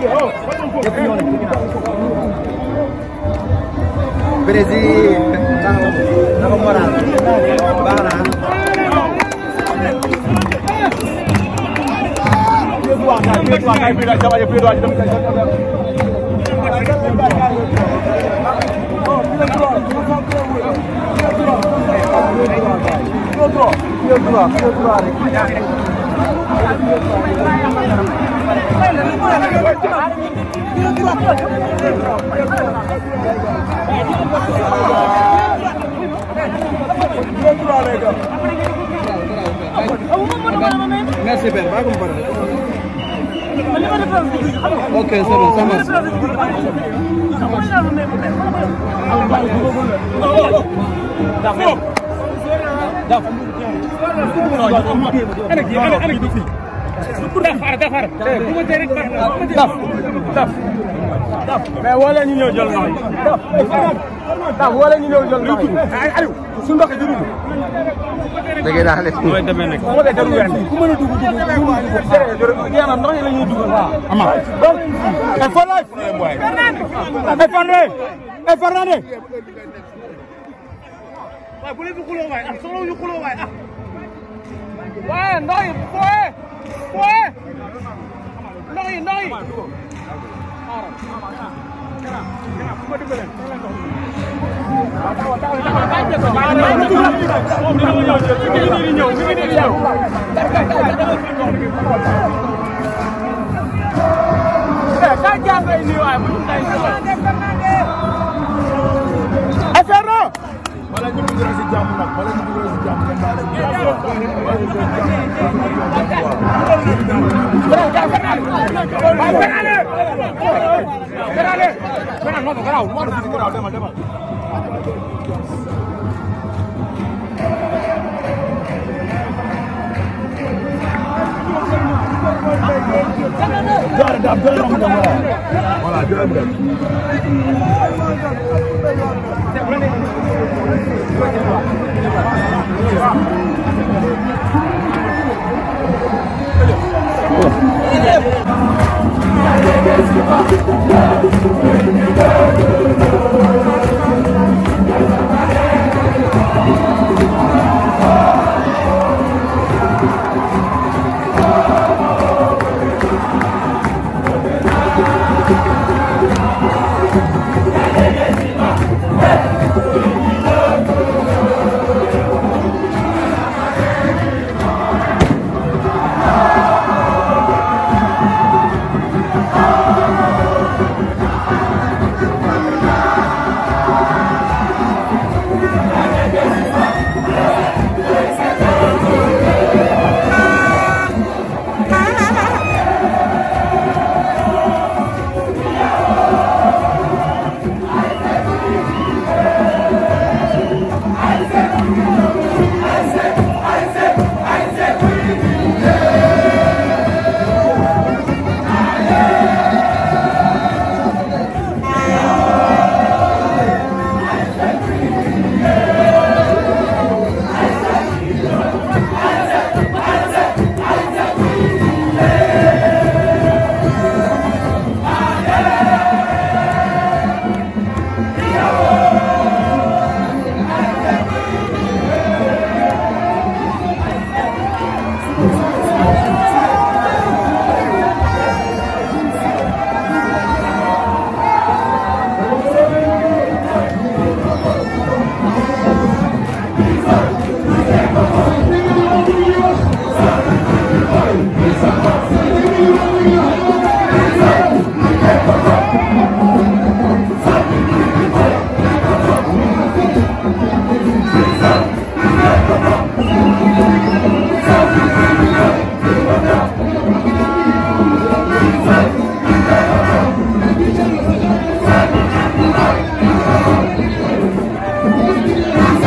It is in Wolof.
Brésil dafa moral baax na Piyo dura, piyo dura rek. Merci Ben, va comparar. Ok, c'est bon, ça marche. Daf. Daf. Ana ki, ana ki. daf dafar eh, bu ma rek baax na daf daf daf mais woo leen ñu ñëw jël ndox daf woo leen ñu ñëw jël ndox Aliou su ndox di dugg da ngay daal def mooy demee nag mo lay daru wéne ku mën a dugg dugg ñaan ndox yi la ñuy dugg waaw ama donc ay fa lay ay fa lay ay fa lay waaye bu leen xuloo waaye ah solo yu xuloo waaye ah waaye ndox yi nooy nooy. xaaral bala ñu dugal ci jàmm nag bala ñu dugal ci jàmm nag Voilà,